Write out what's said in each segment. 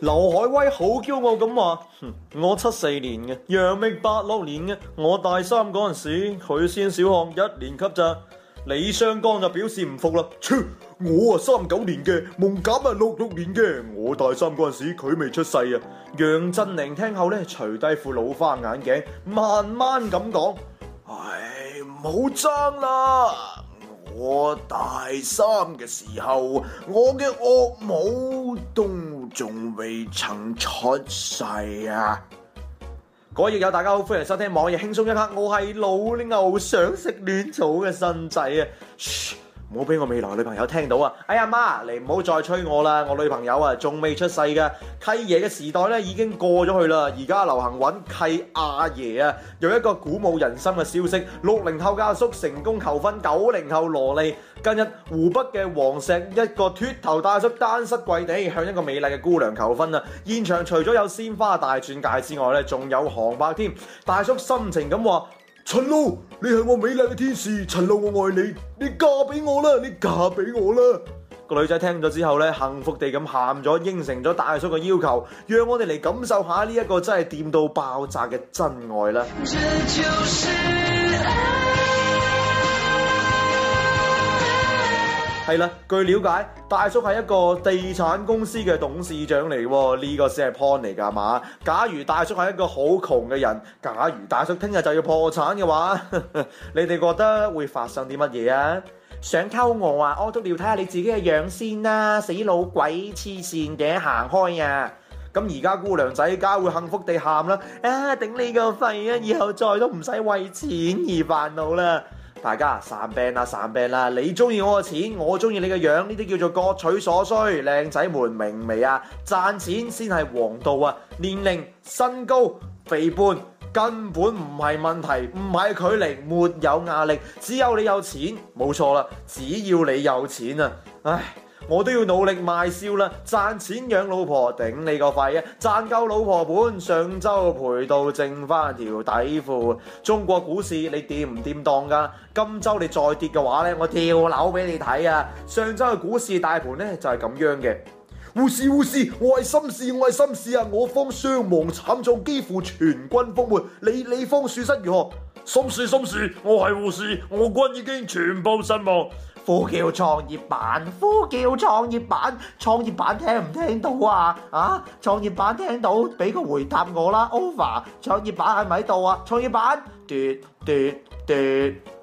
劉愷威好驕傲咁話：我七四年嘅，楊冪八六年嘅，我大三嗰陣時，佢先小學一年級咋？李雙江就表示唔服啦：我啊三九年嘅，夢鴿啊六六年嘅，我大三嗰陣時，佢未出世啊！楊振寧聽後咧，除低副老花眼鏡，慢慢咁講：唉，唔好爭啦，我大三嘅時候，我嘅岳母冇動。仲未曾出世啊！各位朋友，大家好，歡迎收聽網易輕鬆一刻，我係老牛想食嫩草嘅新仔啊。噓。唔好俾我未來女朋友聽到啊！哎呀媽，你唔好再催我啦，我女朋友啊仲未出世噶。契爺嘅時代咧已經過咗去啦，而家流行揾契阿爺啊！有一個鼓舞人心嘅消息，六零後阿叔成功求婚九零後羅莉。近日湖北嘅黃石一個禿頭大叔單膝跪地向一個美麗嘅姑娘求婚啊！現場除咗有鮮花大鑽戒之外咧，仲有航拍添。大叔深情咁話。陳露，你係我美麗嘅天使，陳露，我愛你，你嫁俾我啦，你嫁俾我啦！個女仔聽咗之後咧，幸福地咁喊咗，應承咗大叔嘅要求，讓我哋嚟感受下呢一個真係掂到爆炸嘅真愛啦。這就是愛。係啦，據了解，大叔係一個地產公司嘅董事長嚟喎，呢、這個先係 point 嚟㗎嘛。假如大叔係一個好窮嘅人，假如大叔聽日就要破產嘅話，呵呵，你哋覺得會發生啲乜嘢啊？想溝我啊？我都要睇下你自己嘅樣先啦，啊，死老鬼，黐線嘅，行開啊！咁而家姑娘仔梗係會幸福地喊啦，啊，頂你個肺啊！以後再都唔使為錢而煩惱啦。大家散病啦散病啦！你中意我嘅錢，我中意你嘅樣，呢啲叫做各取所需。靚仔們明未啊？賺錢先係王道啊！年齡、身高、肥胖根本唔係問題，唔係距離，沒有壓力，只有你有錢。冇錯啦，只要你有錢啊！唉。我都要努力賣笑啦，賺錢養老婆頂你個肺啊！賺夠老婆本，上周賠到剩翻條底褲。中國股市你掂唔掂當噶？今周你再跌嘅話呢，我跳樓俾你睇啊！上周嘅股市大盤呢，就係、是、咁樣嘅。護士、護士，我係心事，我係心事啊！我方傷亡慘重，幾乎全軍覆沒。你你方損失如何？心事心事，我係護士，我軍已經全部身亡。呼叫創業板，呼叫創業板，創業板聽唔聽到啊？啊，創業板聽到，俾個回答我啦，over，創業板係咪喺度啊？創業板，嘟嘟嘟。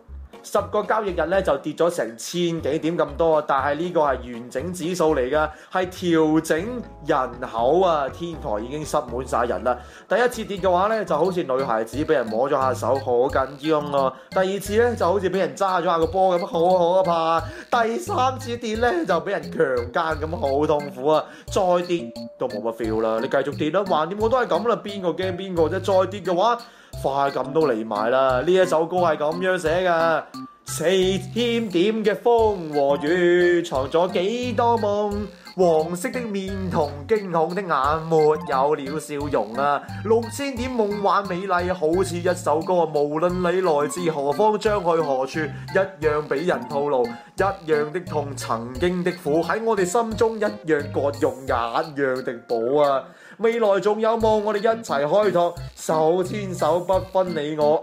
十個交易日咧就跌咗成千幾點咁多，但係呢個係完整指數嚟噶，係調整人口啊！天台已經塞滿晒人啦。第一次跌嘅話咧，就好似女孩子俾人摸咗下手，好緊張啊；第二次咧就好似俾人揸咗下個波咁，好可怕啊。第三次跌咧就俾人強姦咁，好痛苦啊！再跌都冇乜 feel 啦，你繼續跌啦，橫掂我都係咁啦，邊個驚邊個啫？再跌嘅話，快感都嚟埋啦！呢一首歌係咁樣寫噶：四千點嘅風和雨，藏咗幾多夢？黃色的面同驚恐的眼，沒有了笑容啊！六千點夢幻美麗，好似一首歌。無論你來自何方，將去何處，一樣俾人吐露。一樣的痛，曾經的苦喺我哋心中一樣割肉，也一樣的寶啊！未來仲有夢，我哋一齊開拓，手牽手不分你我，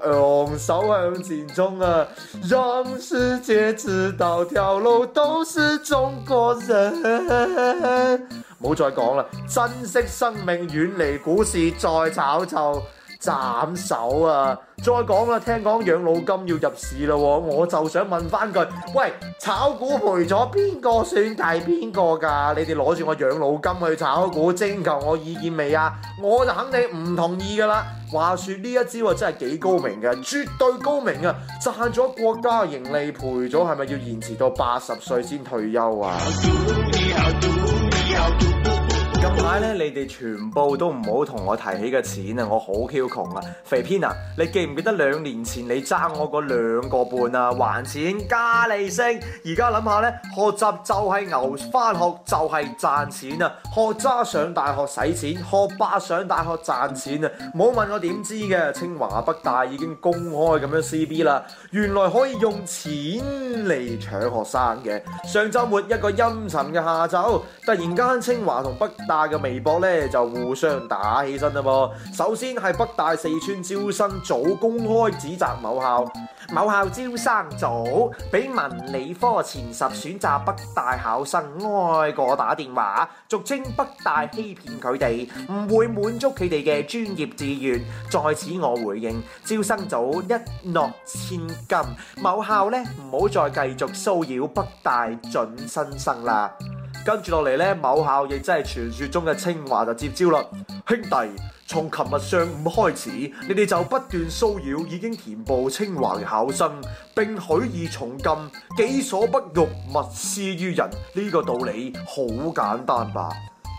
昂首向前衝啊！讓世界知道這條路，都是中國人。冇再講啦，珍惜生命，遠離股市，再炒就。斬手啊！再講啦，聽講養老金要入市啦喎，我就想問翻句，喂，炒股賠咗邊個算大邊個噶？你哋攞住我養老金去炒股，徵求我意見未啊？我就肯定唔同意噶啦。話說呢一招真係幾高明噶，絕對高明啊！賺咗國家嘅盈利，賠咗係咪要延遲到八十歲先退休啊？近排咧，你哋全部都唔好同我提起嘅錢啊，我好 Q 窮啊！肥偏啊，你記唔記得兩年前你爭我嗰兩個半啊，還錢加利息？而家諗下呢，學習就係牛學，翻學就係、是、賺錢啊！學渣上大學使錢，學霸上大學賺錢啊！冇問我點知嘅，清華北大已經公開咁樣 CB 啦，原來可以用錢嚟搶學生嘅。上周末一個陰沉嘅下晝，突然間清華同北。大嘅微博咧就互相打起身啦噃。首先係北大四川招生組公開指責某校，某校招生組俾文理科前十選擇北大考生挨個打電話，俗稱北大欺騙佢哋，唔會滿足佢哋嘅專業志願。在此我回應，招生組一諾千金，某校呢，唔好再繼續騷擾北大準新生啦。跟住落嚟呢，某校亦即係傳說中嘅清華就接招啦，兄弟。從琴日上午開始，你哋就不斷騷擾已經填報清華嘅考生，並許以重金。己所不欲，勿施於人，呢、這個道理好簡單吧？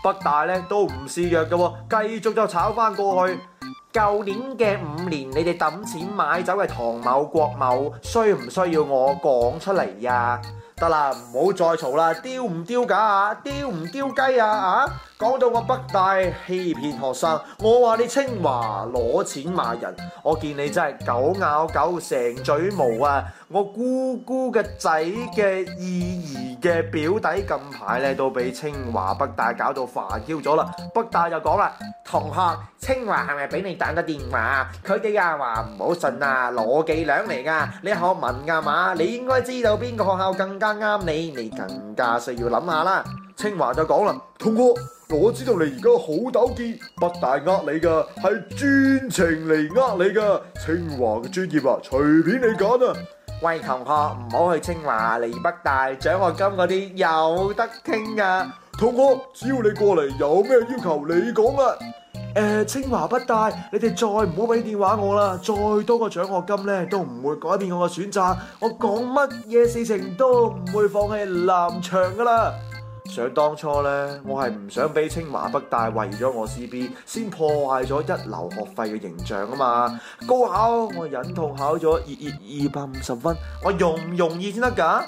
北大呢都唔示弱嘅，繼續就炒返過去。舊年嘅五年，你哋揼錢買走嘅唐某、國某，需唔需要我講出嚟呀、啊？得啦，唔好再嘈啦，丟唔丟架啊？丟唔丟雞啊？啊！講到我北大欺騙學生，我話你清華攞錢罵人，我見你真係狗咬狗，成嘴毛啊！我姑姑嘅仔嘅二姨嘅表弟近排咧都俾清華北大搞到煩嬌咗啦。北大就講啦，同學，清華係咪俾你打個電話？佢哋啊話唔好信啊，攞幾兩嚟噶，你學文噶嘛，你應該知道邊個學校更加啱你，你更加需要諗下啦。清華就講啦，同學。我知道你而家好糾結，北大呃你噶，係專程嚟呃你噶。清華嘅專業啊，隨便你揀啊。喂，同學，唔好去清華，嚟北大，獎學金嗰啲有得傾啊。同學，只要你過嚟，有咩要求你講啦、啊。誒、呃，清華、北大，你哋再唔好俾電話我啦。再多個獎學金咧，都唔會改變我嘅選擇。我講乜嘢事情都唔會放棄藍翔噶啦。想當初咧，我係唔想俾清華北大為咗我 CB，先破壞咗一流學費嘅形象啊嘛！高考我忍痛考咗二二二百五十分，我容唔容易先得㗎？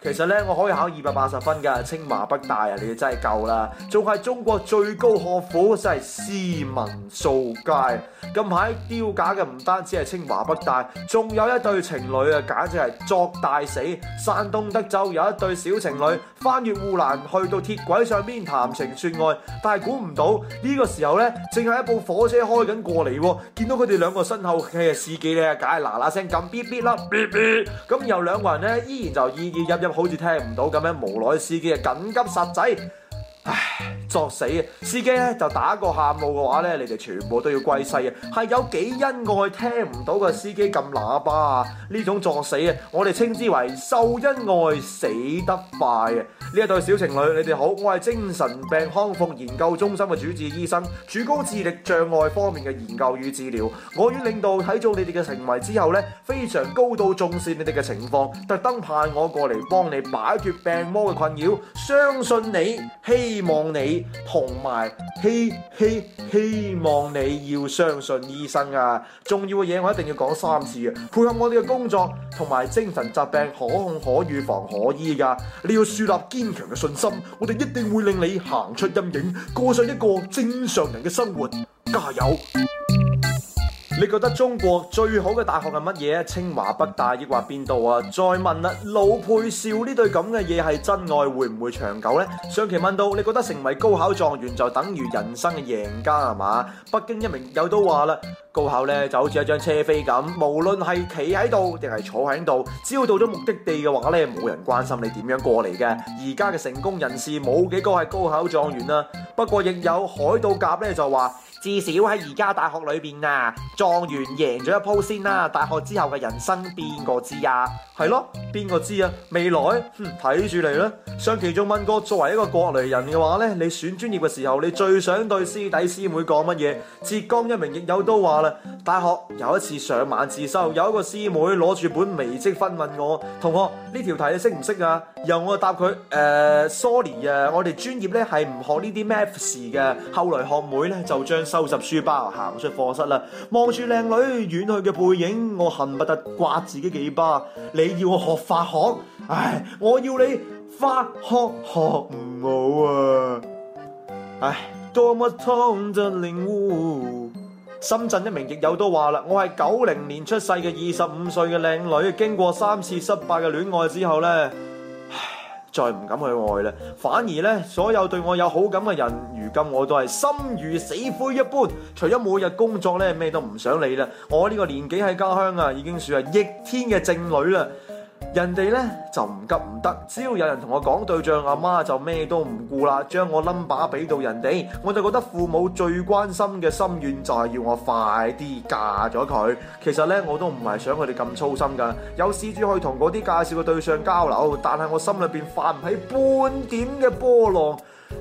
其實咧，我可以考二百八十分噶，清華北大啊，你哋真係夠啦，仲係中國最高學府，真係斯文掃街。近排丟架嘅唔單止係清華北大，仲有一對情侶啊，簡直係作大死。山東德州有一對小情侶翻越護欄去到鐵軌上邊談情說愛，但係估唔到呢個時候呢，淨係一部火車開緊過嚟，見到佢哋兩個身後嘅司機咧，梗係嗱啦聲撳嗶嗶啦，嗶嗶，咁有兩個人呢，依然就意意郁郁。好似聽唔到咁樣，無奈司機嘅緊急煞掣。唉。作死啊！司機咧就打個喊露嘅話咧，你哋全部都要歸西啊！係有幾恩愛聽唔到個司機撳喇叭啊！呢種作死啊，我哋稱之為秀恩愛死得快啊！呢一對小情侶，你哋好，我係精神病康復研究中心嘅主治醫生，主攻智力障礙方面嘅研究與治療。我院領導睇咗你哋嘅行為之後呢，非常高度重視你哋嘅情況，特登派我過嚟幫你擺脱病魔嘅困擾。相信你，希望你。同埋希希希望你要相信醫生啊！重要嘅嘢我一定要講三次啊！配合我哋嘅工作，同埋精神疾病可控可預防可醫噶。你要樹立堅強嘅信心，我哋一定會令你行出陰影，過上一個正常人嘅生活。加油！你覺得中國最好嘅大學係乜嘢啊？清華、北大抑或邊度啊？再問啦，老配少呢對咁嘅嘢係真愛會唔會長久呢？上期問到你覺得成為高考狀元就等於人生嘅贏家係嘛？北京一名友都話啦，高考呢就好似一張車飛咁，無論係企喺度定係坐喺度，只要到咗目的地嘅話呢，冇人關心你點樣過嚟嘅。而家嘅成功人士冇幾個係高考狀元啦，不過亦有海盜甲呢就話。至少喺而家大學裏邊啊，狀元贏咗一鋪先啦，啊！大學之後嘅人生邊個知啊？係咯，邊個知啊？未來，嗯，睇住嚟啦！上期仲問過作為一個過來人嘅話呢，你選專業嘅時候，你最想對師弟師妹講乜嘢？浙江一名亦友都話啦。大學有一次上晚自修，有一個師妹攞住本微積分問我同學呢條題你識唔識啊？由我答佢誒、呃、，sorry 啊，我哋專業咧係唔學呢啲 math 嘅。後來學妹咧就將收拾書包行出課室啦，望住靚女遠去嘅背影，我恨不得刮自己幾巴。你要我學法學，唉，我要你法學學唔好啊！唉，多麼痛的領悟。深圳一名亦友都話啦：我係九零年出世嘅二十五歲嘅靚女，經過三次失敗嘅戀愛之後呢，再唔敢去愛啦。反而呢，所有對我有好感嘅人，如今我都係心如死灰一般，除咗每日工作呢，咩都唔想理啦。我呢個年紀喺家鄉啊，已經算係逆天嘅剩女啦。人哋呢，就唔急唔得，只要有人同我講對象，阿媽就咩都唔顧啦，將我 number 俾到人哋，我就覺得父母最關心嘅心願就係要我快啲嫁咗佢。其實呢，我都唔係想佢哋咁操心噶，有試住去同嗰啲介紹嘅對象交流，但係我心裏邊泛唔起半點嘅波浪。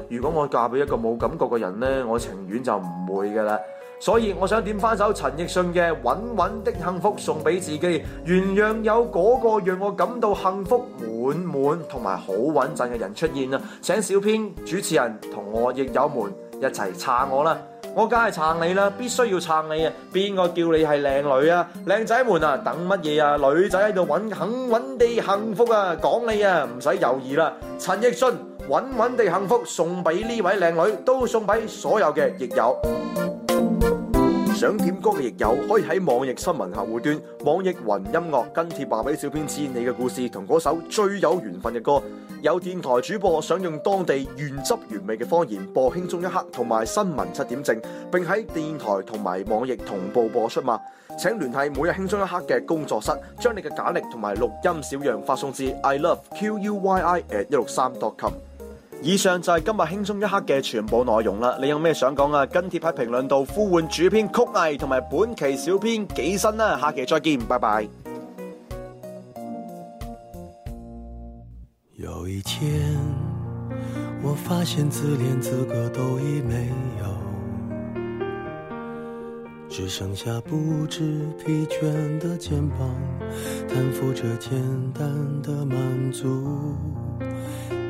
如果我嫁俾一個冇感覺嘅人呢，我情願就唔會噶啦。所以我想點翻首陳奕迅嘅穩穩的幸福送俾自己，原讓有嗰、嗰個讓我感到幸福滿滿同埋好穩陣嘅人出現啊。請小編、主持人同我亦友們一齊撐我啦！我梗係撐你啦，必須要撐你啊！邊個叫你係靚女啊？靚仔們啊，等乜嘢啊？女仔喺度穩，穩穩地幸福啊！講你啊，唔使猶豫啦！陳奕迅穩穩地幸福送俾呢位靚女，都送俾所有嘅亦友。想點歌嘅亦有，可以喺網易新聞客戶端、網易雲音樂跟帖話俾小編知你嘅故事同嗰首最有緣分嘅歌。有電台主播想用當地原汁原味嘅方言播《輕鬆一刻》同埋《新聞七點正》，並喺電台同埋網易同步播出嘛？請聯繫每日《輕鬆一刻》嘅工作室，將你嘅簡歷同埋錄音小樣發送至 i love q u y i at 163 dot com。以上就係今日輕鬆一刻嘅全部內容啦！你有咩想講啊？跟貼喺評論度呼喚主編曲藝同埋本期小編幾新啦，啊！下期再見，拜拜。有一天，我發現自戀資格都已沒有，只剩下不知疲倦的肩膀，擔負着簡單的滿足。